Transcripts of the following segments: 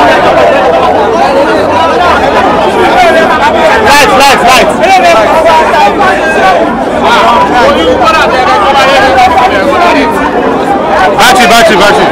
Light, light, light. Battery, battery, battery.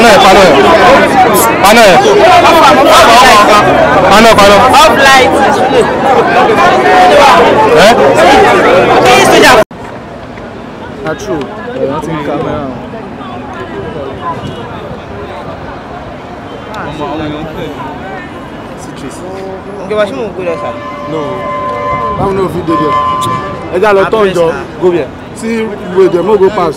panel panel panel panel panel. off light display. ẹ. kí eh? ni sójà. atru ah, ẹ̀rọ ti ń kámẹ́rà. Ìjọba ṣé mò ń gbé lọ sàlẹ̀? No. Báwo ni o fi dèjọ? Ẹ já lọ tọ́ ìjọ. Go there. See where the mogo pass.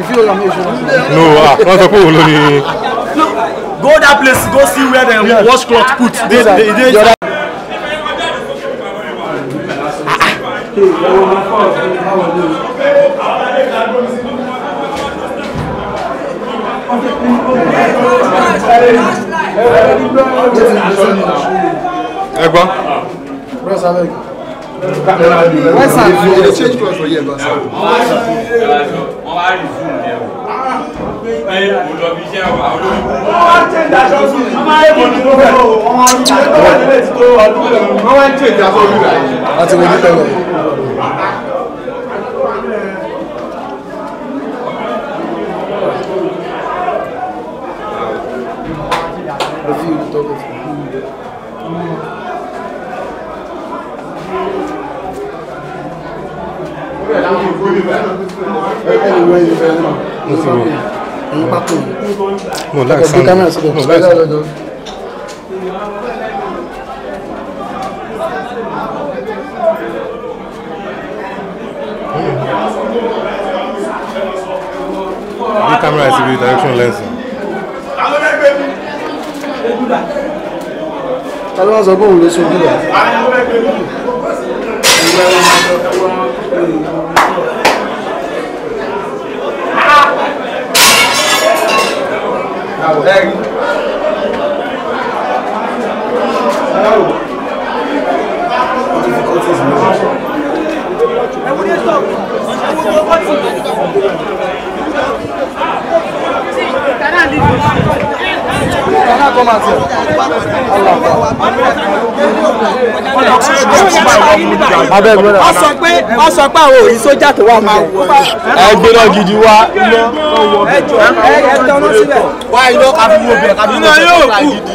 no ah wọ́n sọ pé òun ló ní. go that place go see where dem yes. wash cloth put dey dey dey inside. ẹ gbọ́. Where's that? Where's that? Change clothes for you, boss rí fún mi o. ẹ kò lọ bí iṣẹ́ wa olórí. wọ́n wá jẹ́ ìdájọ́ sí i. wọ́n máa ń bọ̀ nínú rẹ̀. wọ́n máa ń jẹ́ ìdájọ́ sí i. wọ́n máa ń jẹ́ sí i. mo ti wò ẹ̀yin pápọ̀ mo láì sáà mo láì sáà The camera is with direction lens. Ta ló wá sọ pé òun ló sún bí rẹ̀? àwọ̀ ẹ rí. Kana come out here. Allah abẹ́ gbọ́dọ̀ wọ́n sọ pé wọ́n sọ pé àwọn òyìn sójà tó wà mọ́ ẹ gbọ́dọ̀ gidi wa ẹ jọ ẹ tọ́nú síbẹ̀ wá iná kábíyó bẹ̀ kábíyó bẹ̀ kábíyó gidi.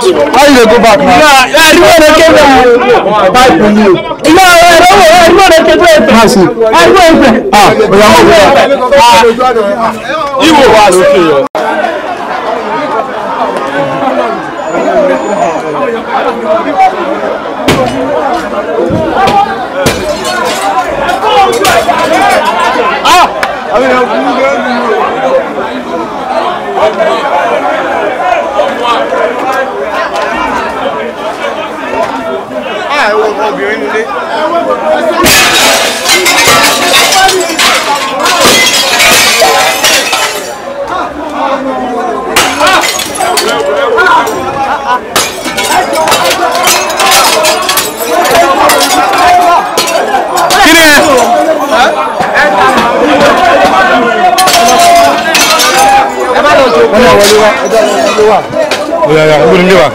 Why you go back now? Yeah, yeah, you want to get back. Bye for you. Yeah, yeah, no, yeah, you want to get back. Mercy. I want to. Ah, we are moving. Ah, you will ah, pass. Okay. Ah! I mean, I'm going to go. àwọn obìnrin nílé.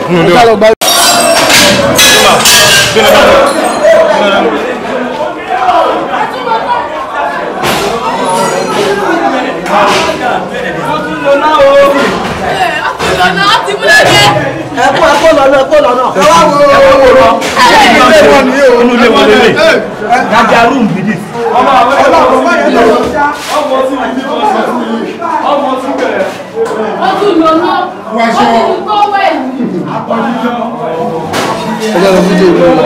kí ni wa ẹ̀kọ́ ẹ̀kọ́ lọ́nà ẹ̀kọ́ lọ́nà. ẹ wá wo ẹ wá wo lọ. ẹ̀ẹ́dẹ́gbẹ̀rún lé wọn ní òun ló lé wọn lélẹ̀. dájà rúùmù bídì. ọmọ àwọn ẹ̀rọ ọmọ yẹn lọ. ọmọ tí wọn ti bọ̀ sọ. ẹjọ́ lọ sí ìlú ìlú.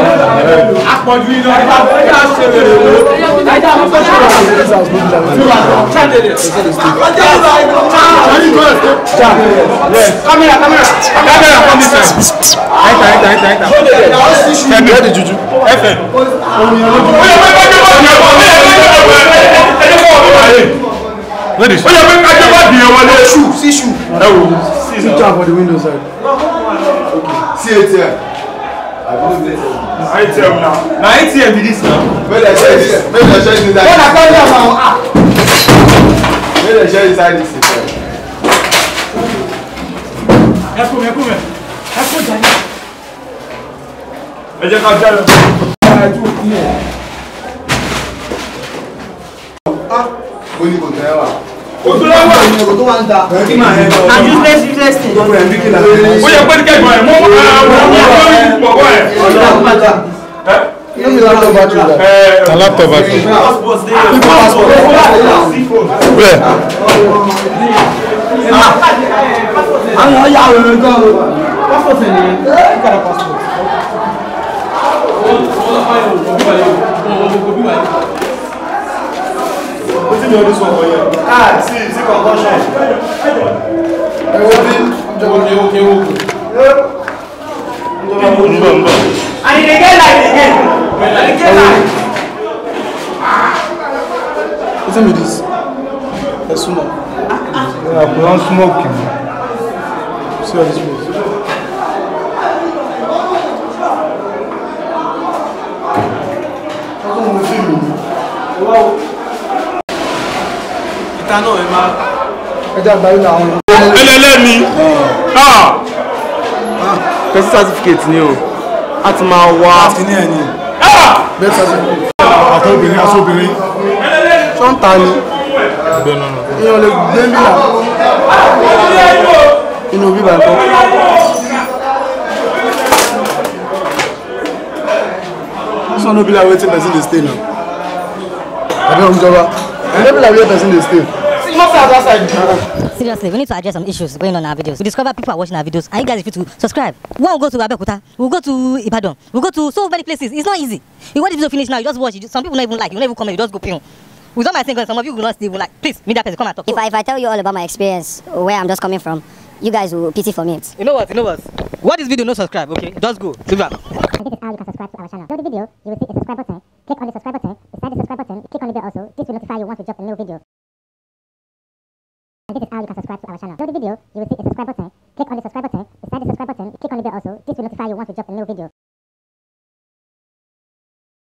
àpọ̀jù iná ẹ̀ka ẹ̀ka ṣe bèrè wo ẹ̀ka fẹ́ ṣe bèrè wo ẹ̀ka fẹ́ ṣe bèrè wo ẹ̀ka fẹ́ ṣe bèrè wo ẹ̀ka fẹ́ ṣe bèrè wo kámẹ́rà kámẹ́rà kámẹ́rà kọ́ mi fẹ́ ẹ̀ka ẹ̀ka ẹ̀ka ẹ̀ka fẹ́mi ẹ̀dì juju ẹ̀fẹ̀. Ladies. Oya pe ka jẹ́ bá dìyàn wọlé. Ṣù sí ṣù. Ẹ wo. Sit down for the window side. Okay. See you there na atm na na atm be this now. make dem share this make dem share this inside. make dem share this ah. make dem share inside this inside. ẹ kú mi ẹ kú mi ẹ kú jàdí. ẹ jẹ́ ká jẹ́ lọ. ah ó ní kò tẹ́ wà òtúlọ́wọ́ àwọn ọ̀rọ̀ tó níjọ ní sọ̀rọ̀ yẹn ah sí sí concussion ẹwọ́ bí jọba ní ókè ókè njọba ní ókè ókè and e dey get light again e dey get light. wetin be dis ẹ súnmọ́. àpò wọn súnmọ́ òkè mi sí ọdún súnmọ́. Wow ìta náà ẹ máa. ẹja àgbáyé làwọn. ẹlẹ́lẹ́ni ah. ah. ah. pẹ̀sí certificate ni o a ti máa wá. àtìní ẹ̀ ni bẹ́ẹ̀ certificate. àtọ́ obìnrin aṣọ obìnrin. ṣọ́ǹta ni èèyàn lè gbé bíyà inú bíbá ẹ̀kọ́. This one no be like wetin person dey stay now. I don't know. No be like where person dey stay. Seriously, we need to address some issues going on our videos. We discover people are watching our videos, Are you guys refuse to subscribe. One will go to Abeokuta, we'll go to Ibadan, we'll go to so many places. It's not easy. You want the video finished now, you just watch it. Some people don't even like, you don't even comment, you just go ping. With all my singles, some of you will not still like, please, meet that person, come and talk. If I, if I tell you all about my experience, where I'm just coming from, you guys will pity for me. You know what, you know what? this video, no subscribe, okay? Just go, Subscribe. that. This is how you can subscribe to our channel. Below the video, you will see a subscribe button. Click on the subscribe button, beside the subscribe button, click on the bell also. This will notify you once we drop a new video this is how you can subscribe to our channel. Below the video, you will see a subscribe button. Click on the subscribe button. Beside the subscribe button, click on the bell also. This will notify you once we drop a new video.